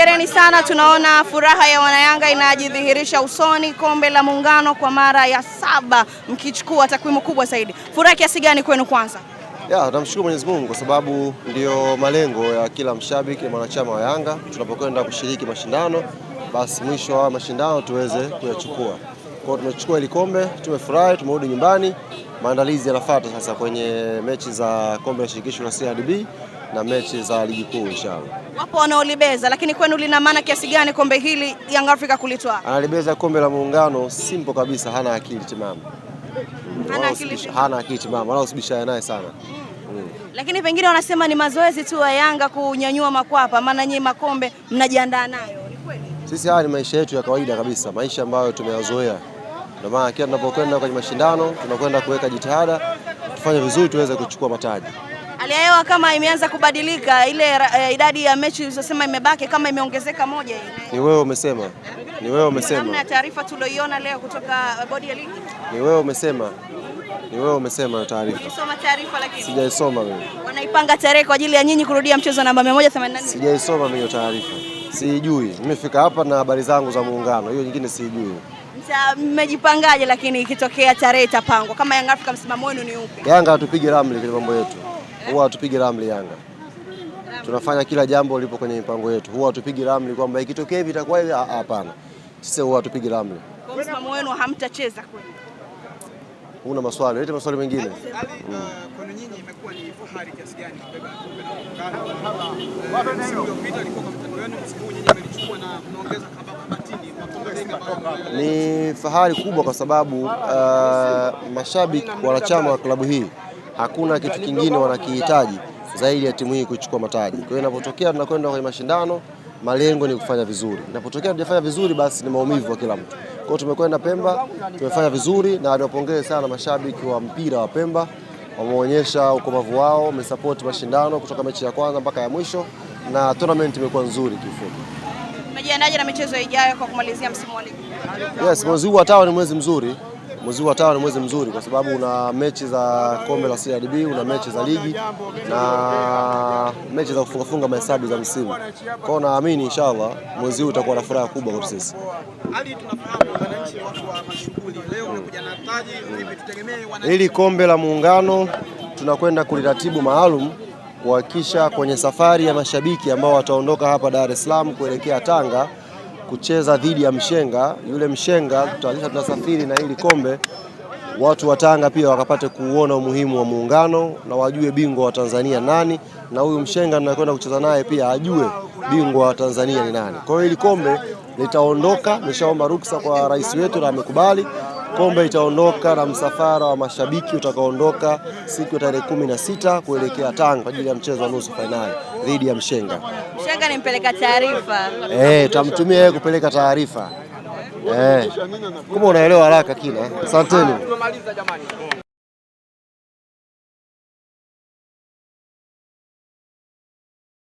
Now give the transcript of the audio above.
Hongereni sana, tunaona furaha ya wanayanga inajidhihirisha usoni. Kombe la Muungano kwa mara ya saba mkichukua takwimu kubwa zaidi, furaha kiasi gani kwenu? Kwanza ya tunamshukuru Mwenyezi Mungu kwa sababu ndiyo malengo ya kila mshabiki mwanachama wa Yanga tunapokwenda kushiriki mashindano, basi mwisho wa mashindano tuweze kuyachukua. Kwa hiyo tumechukua ile kombe, tumefurahi, tumerudi nyumbani maandalizi yanafuata sasa kwenye mechi za kombe la shirikisho la CRDB na mechi za ligi kuu inshallah. Wapo wanaolibeza, lakini kwenu lina maana kiasi gani kombe hili Young Africa kulitwaa? Analibeza kombe la muungano, simple kabisa, hana akili timamu, hana akili timamu, wala usibishane naye sana mm. Mm. Lakini pengine wanasema ni mazoezi tu ya Yanga kunyanyua makwapa, maana nyinyi makombe mnajiandaa nayo, ni kweli? Sisi haya ni maisha yetu ya kawaida kabisa, maisha ambayo tumeyazoea ndio maana kila tunapokwenda kwenye mashindano tunakwenda kuweka jitihada tufanye vizuri tuweze kuchukua mataji. Hali ya hewa kama imeanza kubadilika, ile e, idadi ya mechi ulizosema imebaki kama imeongezeka moja hii. ni wewe umesema, ni wewe umesema. Namna taarifa tulioiona leo kutoka eh, bodi ya ligi, ni wewe umesema, ni wewe umesema hiyo taarifa. Soma taarifa lakini sijaisoma mimi. Wanaipanga tarehe kwa ajili ya nyinyi kurudia mchezo namba 184. Sijaisoma mimi hiyo taarifa, siijui. Nimefika hapa na habari zangu za muungano, hiyo nyingine siijui. Mmejipangaje lakini ikitokea tarehe itapangwa kama Yanga Afrika, msimamo wenu ni upi? Yanga hatupigi ramli kwenye mambo yetu, huwa hatupigi ramli. Yanga tunafanya kila jambo lipo kwenye mipango yetu, huwa hatupigi ramli kwamba ikitokea hivi itakuwa hivi. Ah, hapana, sisi huwa hatupigi ramli. Msimamo wenu hamtacheza kweli? Una maswali, lete maswali mengine. Uh, kwenu nyinyi imekuwa ni fahari kiasi gani kubeba kombe la kwa ni fahari kubwa kwa sababu uh, mashabiki wanachama wa klabu hii hakuna kitu kingine wanakihitaji zaidi ya timu hii kuchukua mataji. Kwa hiyo inapotokea tunakwenda kwenye mashindano, malengo ni kufanya vizuri. Inapotokea tujafanya vizuri, basi ni maumivu wa kila mtu. Kwa hiyo tumekwenda Pemba, tumefanya vizuri, na niwapongeze sana mashabiki wa mpira wa Pemba, wameonyesha ukomavu wao, wamesapoti mashindano kutoka mechi ya kwanza mpaka ya mwisho, na tournament imekuwa nzuri kifupi Unajiandaje na michezo ijayo kwa kumalizia msimu wa ligi? Yes, mwezi huu wa Tawa ni mwezi mzuri mwezi wa Tawa ni mwezi mzuri kwa sababu una mechi za kombe la CRDB, una mechi za ligi na mechi za kufungafunga mahesabu za msimu. Kwa hiyo naamini inshallah mwezi huu utakuwa na furaha kubwa kwa sisi. Hili kombe la muungano tunakwenda kuliratibu maalum kuhakikisha kwenye safari ya mashabiki ambao wataondoka hapa Dar es Salaam kuelekea Tanga kucheza dhidi ya Mshenga. Yule Mshenga tutahakikisha tunasafiri na hili kombe, watu wa Tanga pia wakapate kuuona umuhimu wa muungano na wajue bingwa wa Tanzania nani, na huyu Mshenga tunakwenda kucheza naye pia ajue bingwa wa Tanzania ni nani. Kwa hiyo hili kombe litaondoka, nishaomba ruksa kwa rais wetu na amekubali. Kombe itaondoka na msafara wa mashabiki utakaondoka siku ya tarehe kumi na sita kuelekea Tanga kwa ajili ya mchezo wa nusu fainali dhidi ya Mshenga. Mshenga ni mpeleka taarifa eh, tamtumia yeye kupeleka taarifa eh. Kama unaelewa haraka kina. Asanteni.